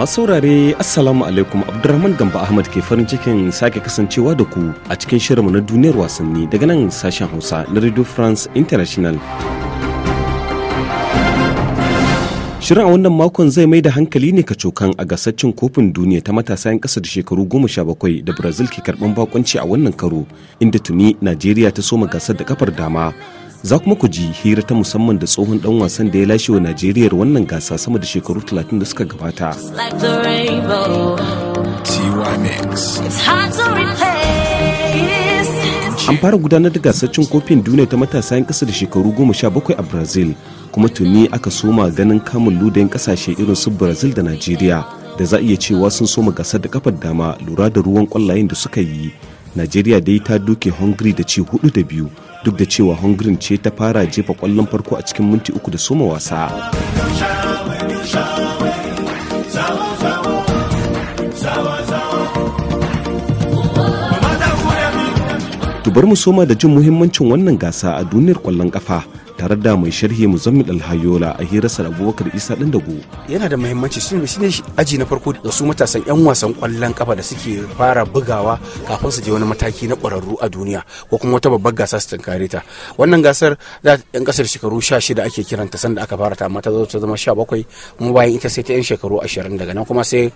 masu saurare assalamu alaikum abdulrahman gamba ahmad ke farin cikin sake kasancewa da ku a cikin shirinmu na duniyar wasanni daga nan sashen hausa na radio france international shirin a wannan makon zai mai da hankali ne ka cokan a gasar kofin duniya ta matasa 'yan kasa da shekaru goma sha bakwai da brazil ke karban bakonci a wannan karo inda tuni najeriya ta soma gasar da kafar dama za kuma ku ji hira ta musamman da tsohon dan wasan da ya lashe wa najeriyar wannan gasa sama da shekaru 30 da suka gabata an fara gudanar da gasar cin kofin duniya ta matasa 'yan kasa da shekaru 17 a brazil kuma tuni aka soma ganin kamun ludayin kasashe irin su brazil da najeriya da za a iya cewa sun soma gasar da kafar dama lura da ruwan kwallayen da suka yi najeriya dai ta duke hungary da ci hudu da biyu duk da cewa hungary ce ta fara jefa kwallon farko a cikin minti uku da soma wasa tubar mu soma da jin muhimmancin wannan gasa a duniyar kwallon kafa tare da mai sharhi muzammil alhayola a hirarsa abubakar isa ɗan dago yana da muhimmanci shi ne aji na farko da su matasan yan wasan kwallon kafa da suke fara bugawa kafin su je wani mataki na kwararru a duniya ko kuma wata babbar gasa su tunkare ta wannan gasar da yan kasar shekaru shida ake kiranta sanda aka fara ta amma ta zama sha bakwai kuma bayan ita sai ta yan shekaru ashirin daga nan kuma sai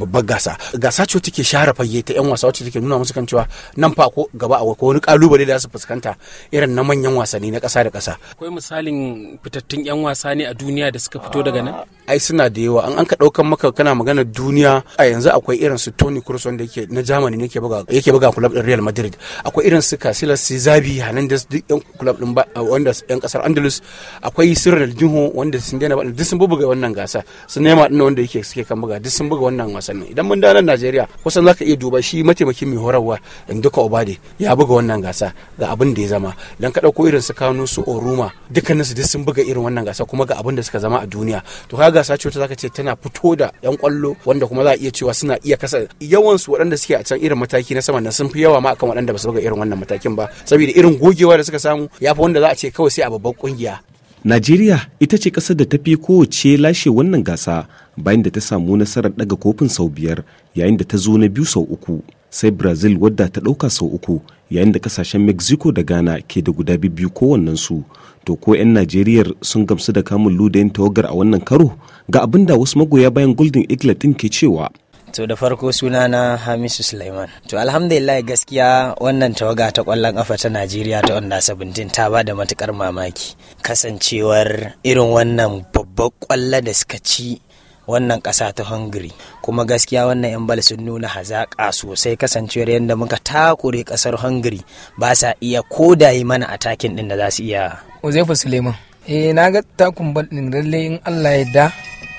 babbar gasa gasa ce take share fage ta yan wasa wacce take nuna musu kan cewa nan fa ko gaba a wani kalubale da su fuskanta irin na manyan wasanni na kasa da kasa. akwai misalin fitattun 'yan wasa ne a duniya da suka fito daga nan ai suna da yawa an ka ɗaukan maka kana magana duniya a yanzu akwai irin su Toni Kroos wanda yake na Germany ne yake buga yake buga club din Real Madrid akwai irin su Casillas su Zabi Hernandez duk yan club din wanda yan kasar Andalus akwai su Ronaldinho wanda sun dena ba duk sun buga wannan gasa su Neymar din wanda yake suke kan buga duk sun buga wannan wasannin idan mun dawo nan Najeriya kusan zaka iya duba shi mataimakin mai horarwa Nduka Obade ya buga wannan gasa ga abin da ya zama dan ka ɗauko irin su Kano su Oru Nkrumah dukkanin su duk sun buga irin wannan gasa kuma ga abin da suka zama a duniya to kaga gasa ce wata zaka ce tana fito da yan kwallo wanda kuma za a iya cewa suna iya kasa yawan su waɗanda suke a can irin mataki na sama nan sun fi yawa ma akan waɗanda ba su buga irin wannan matakin ba saboda irin gogewa da suka samu fi wanda za a ce kawai sai a babban kungiya Najeriya ita ce ƙasar da ta fi kowace lashe wannan gasa bayan da ta samu nasarar daga kofin sau biyar yayin da ta zo na biyu sau uku sai Brazil wadda ta ɗauka sau uku yayin da kasashen mexico da ghana ke da guda biyu su to ko 'yan najeriyar sun gamsu da kamun ludayin tawagar a wannan karo ga abin da wasu magoya bayan golden eagle din ke cewa to da farko suna na hamisu suleiman to alhamdulillah gaskiya wannan tawaga ta kwallon kafa ta najeriya ta wanda 17 ta ba da matukar mamaki kasancewar irin wannan babbar kwallo da suka ci wannan ƙasa ta hungary kuma gaskiya wannan 'yan bal sun nuna hazaƙa sosai kasancewar yadda muka takure ƙasar hungary ba sa iya kodayi mana a takin ɗin da za su iya uzaifa suleiman eh na ga takun bal ɗin lalle in allah ya da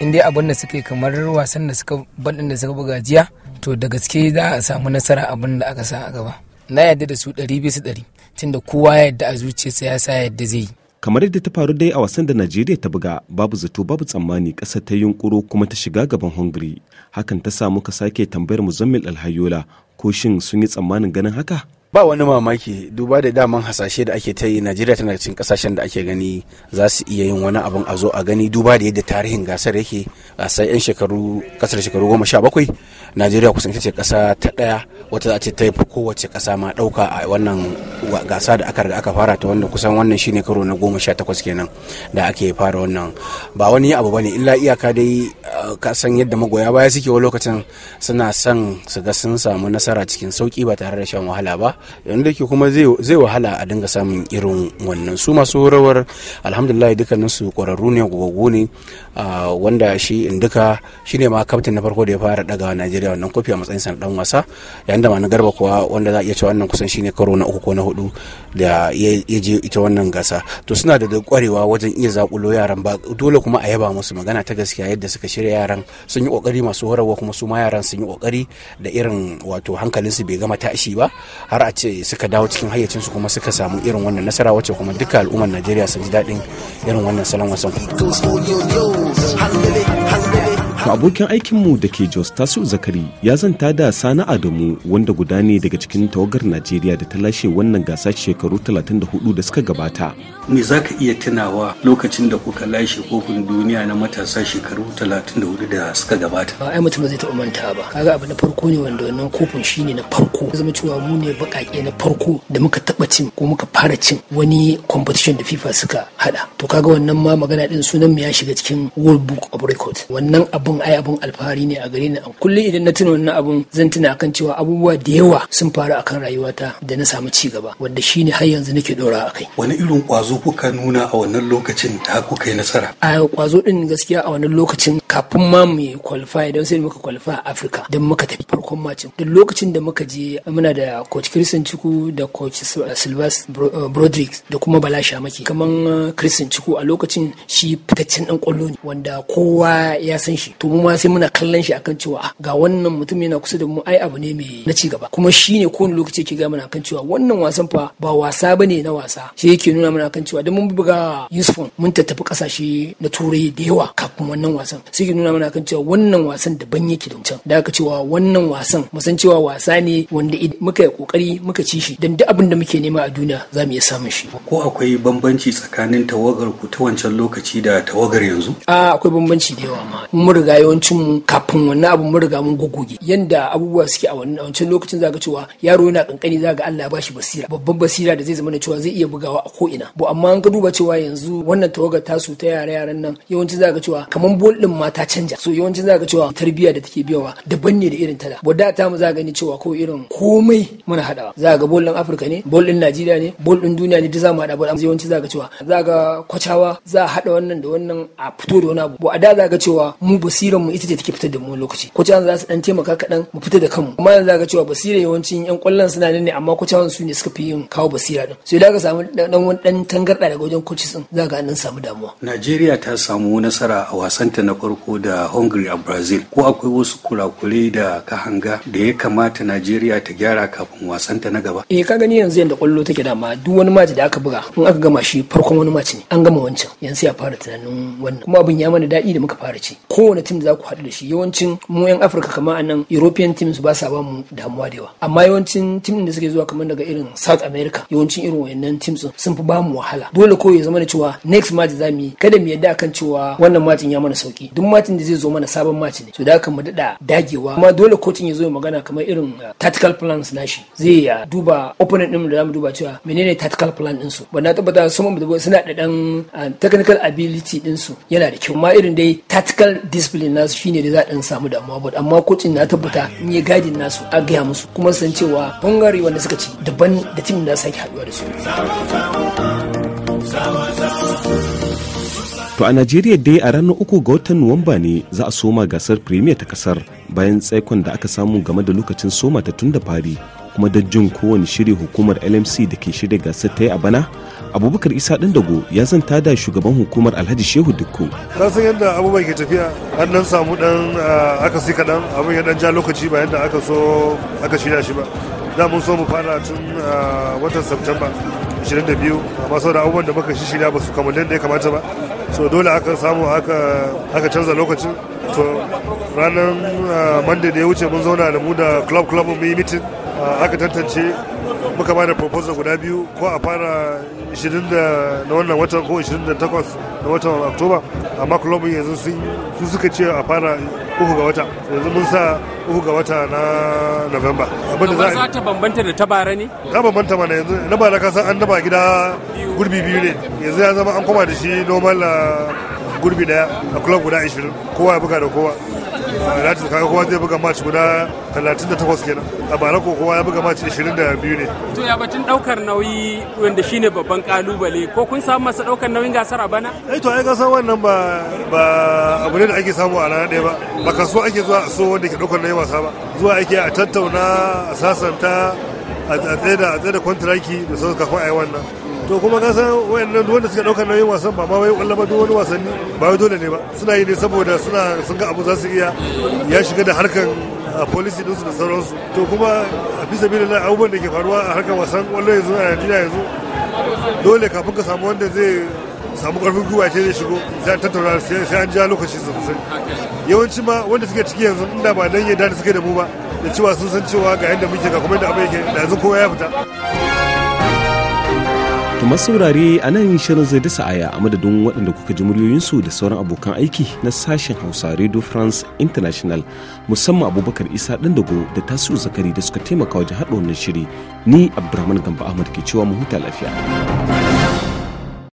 in dai abin da suka yi kamar wasan da suka bal da suka buga jiya to da gaske za a samu nasara abin da aka sa a gaba na yadda da su ɗari bisa ɗari tunda kowa yadda a zuciyarsa ya sa yadda zai yi kamar yadda ta faru dai a wasan da najeriya ta buga babu zato babu tsammani ƙasa ta yunkuro kuma ta shiga gaban hungary hakan ta samu ka sake tambayar muzammil alhayola ko shin sun yi tsammanin ganin haka ba wani mamaki duba da daman hasashe da ake ta yi najeriya tana cikin kasashen da ake gani za su iya yin wani abin a zo a gani duba da yadda tarihin gasar yake a sai yan shekaru kasar shekaru goma sha bakwai najeriya kusan ita ce kasa ta daya wata za a ce ta fi kowace kasa ma dauka a wannan gasa da aka riga aka fara ta wanda kusan wannan shine karo na goma sha takwas kenan da ake fara wannan ba wani abu bane illa iyaka dai uh, ka san yadda magoya baya suke wani lokacin suna son su ga sun samu nasara cikin sauki ba tare da shan wahala ba yanda ke kuma zai wahala a dinga samun irin wannan su masu rawar alhamdulillah dukkanin su kwararru ne gogogo ne ah, wanda shi induka ne ma kaftin na farko da ya fara daga Najeriya wannan kofi a matsayin san wasa yayin da mana Garba kuwa wanda za a iya cewa wannan kusan shine karo na uku ko na hudu da ya je ita wannan gasa to suna da kwarewa wajen iya zakulo yaran ba dole kuma a yaba musu magana ta gaskiya yadda suka shirya yaran sun yi kokari masu horarwa kuma su ma yaran sun yi kokari da irin wato hankalin su bai gama tashi ba har a ce suka dawo cikin hayyacinsu kuma suka samu irin wannan nasara wacce kuma duka al'ummar najeriya su ji daɗin irin wannan salon wasan To abokin aikinmu da ke Jos Tasu Zakari ya zanta da Sani Adamu wanda guda ne daga cikin tawagar Najeriya da ta lashe wannan gasa shekaru 34 da suka gabata. Me za ka iya tunawa lokacin da kuka lashe kofin duniya na matasa shekaru 34 da suka gabata? ba Ai mutum ba zai taɓa manta ba. Kaga abu na farko ne wanda wannan kofin shine na farko. Zama cewa mu ne baƙaƙe na farko da muka taɓa cin ko muka fara cin wani competition da FIFA suka haɗa. To kaga wannan ma magana din sunan mu ya shiga cikin World Book of Record. Wannan abu abun ai abun alfahari ne a gare ni kullum idan na tuna wannan abun zan tuna akan cewa abubuwa da yawa sun faru akan rayuwata da na samu ci gaba wanda shine har yanzu nake dora a kai wani irin kwazo kuka nuna a wannan lokacin da kuka yi nasara a kwazo din gaskiya a wannan lokacin kafin ma mu yi kwalifa don sai muka kwalifa a Afirka don muka tafi farkon macin. Duk lokacin da muka je muna da coach Christian chukwu da coach eh, Silvas eh, broderick da kuma Bala Shamaki. Kaman eh, Christian chukwu a lokacin shi fitaccen dan kwallo ne wanda kowa ya san shi. To mu ma sai muna kallon shi akan cewa ah, ga wannan mutum yana kusa da mu ai abu ne mai na ci gaba. Kuma shi ne kowane lokaci yake ga mana akan cewa wannan wasan fa ba wasa bane na wasa. Shi yake nuna mana kan cewa da mun buga Yusufon mun tattafi kasashe na turai da yawa kafin wannan wasan. Sai sai nuna mana kan cewa wannan wasan daban yake da wancan da aka cewa wannan wasan musan cewa wasa ne wanda muka yi kokari muka ci shi dan duk abin da muke nema a duniya za mu iya samun shi ko akwai bambanci tsakanin tawagar ku ta wancan lokaci da tawagar yanzu a akwai bambanci da yawa ma mun riga yawancin mu kafin wannan abu mun riga mun gogoge yanda abubuwa suke a wannan wancan lokacin zaka cewa yaro yana kankani zaka Allah ya bashi basira babban basira da zai zama cewa zai iya bugawa a ko ina bo amma an ka duba cewa yanzu wannan tawagar tasu ta yare yaran nan yawanci zaka cewa kaman bol din ma ta canja so yawancin zaka cewa tarbiyya da take biyawa daban ne da irin ta da da ta mu za gani cewa ko irin komai muna hadawa za ga bol din afirka ne bol din najeriya ne bol din duniya ne duk za mu hada bol yawanci zaka cewa za ga kwacawa za a hada wannan da wannan a fito da wani abu a da za cewa mu basiran mu ita ce take fitar da mu lokaci kwacawa za su dan taimaka kaɗan mu fita da kanmu amma yanzu za cewa basira yawancin yan kwallon suna nan ne amma kwacawan su ne suka fi yin kawo basira din so idan ka samu dan wani dan tangarda daga wajen coaches za ga samu damuwa Najeriya ta samu nasara a wasanta na farko ko da Hungary a Brazil ko akwai wasu kurakurai da ka hanga da ya kamata Najeriya ta gyara kafin wasanta na gaba. Eh ka gani yanzu yadda kwallo take dama duk wani maji da aka buga in aka gama shi farkon wani maci ne an gama wancan yanzu ya fara tunanin wannan kuma abin ya mana daɗi da muka fara ci kowane tim da za ku haɗu da shi yawancin mu yan Afirka kamar anan European teams ba sa ba mu damuwa da yawa amma yawancin tim da suke zuwa kamar daga irin South America yawancin irin wayannan teams sun fi ba mu wahala dole ko ya zama da cewa next match za mu yi kada mu yadda akan cewa wannan matchin ya mana sauki duk matin da zai zo mana sabon maci ne to da haka mu dada dagewa amma dole kocin ya zo magana kamar irin uh, tactical plans nashi zai ya uh, duba opponent din da zamu duba cewa menene tactical plan din su wannan tabbata sun mu suna da dan uh, technical ability din su yana da kyau amma irin dai tactical discipline nasu shine da za dan samu damuwa but amma kocin na tabbata in ya gadin nasu a gaya musu kuma san cewa bangare wanda suka ci daban da timin da sake haduwa da su. To a Najeriya dai a ranar uku ga watan Nuwamba ne za a soma gasar Premier ta kasar bayan tsaikon da aka samu game da lokacin soma ta tun da fari kuma da jin kowane shiri hukumar LMC da ke shirya gasar ta yi a bana Abubakar Isa Dandago ya zanta da shugaban hukumar Alhaji Shehu Dukku. Ka san yadda abubuwa ke tafiya an dan samu dan ah, akasi kaɗan abin ya dan ja lokaci ba yadda aka so aka shirya shi ba. Da mun so mu fara tun ah, watan Septemba 22 amma saboda abubuwan da muka shirya ba su kamar yadda ya kamata ba so dole aka samu aka canza lokacin to ranar ah, monday da ya wuce mun zauna da mu da club club mu yi mitin ah, aka tantance muka bada proposal guda biyu ko a fara 20 na wannan watan ko 28 na watan oktoba amma kulobin yanzu su suka ce a fara uku ga wata yanzu mun sa uku ga wata na november abin da za ta bambanta da ta bara ne ta bambanta mana yanzu na bara ka san an daba gida gurbi biyu ne yanzu ya zama an koma da shi normal ah, gurbi daya a kulob guda 20 kowa ya buga da kowa Latin kaga kowa zai buga match guda 38 kenan a bara ko kowa ya buga match 22 ne to ya batun daukar nauyi wanda shine babban kalubale ko kun samu masa daukar nauyin gasar a bana eh to ai gasar wannan ba ba abu ne da ake samu a rana ɗaya ba ba kasuwa ake zuwa a so wanda ke daukar nauyin wasa ba zuwa ake a tattauna a sasanta a tsaye da a tsaye da kwantiraki da sauran kafin a yi wannan to kuma ka san wayannan wanda suka dauka nauyin wasan ba ma wai kullum ba wani wasanni ba wai dole ne ba suna yi ne saboda suna sun ga abu za su iya ya shiga da harkan polisi din su da sauransu to kuma a bisa bi da abubuwan da ke faruwa a harkan wasan kwallo yanzu a Najeriya yanzu dole kafin ka samu wanda zai samu karfin gwiwa ke zai shigo sai an tattauna sai an ja lokaci sosai yawanci ma wanda suke ciki yanzu inda ba dan yadda da suke da mu ba da cewa sun san cewa ga yadda muke ga kuma yadda abu yake da yanzu kowa ya fita masu saurare a nan shirin zai dasa aya a madadin waɗanda kuka ji muryoyinsu da sauran abokan aiki na sashen hausa radio france international musamman abubakar isa dandago da tasu zakari da suka taimaka wajen haɗa wannan shiri ni abdulrahman gamba ahmad ke cewa mu huta lafiya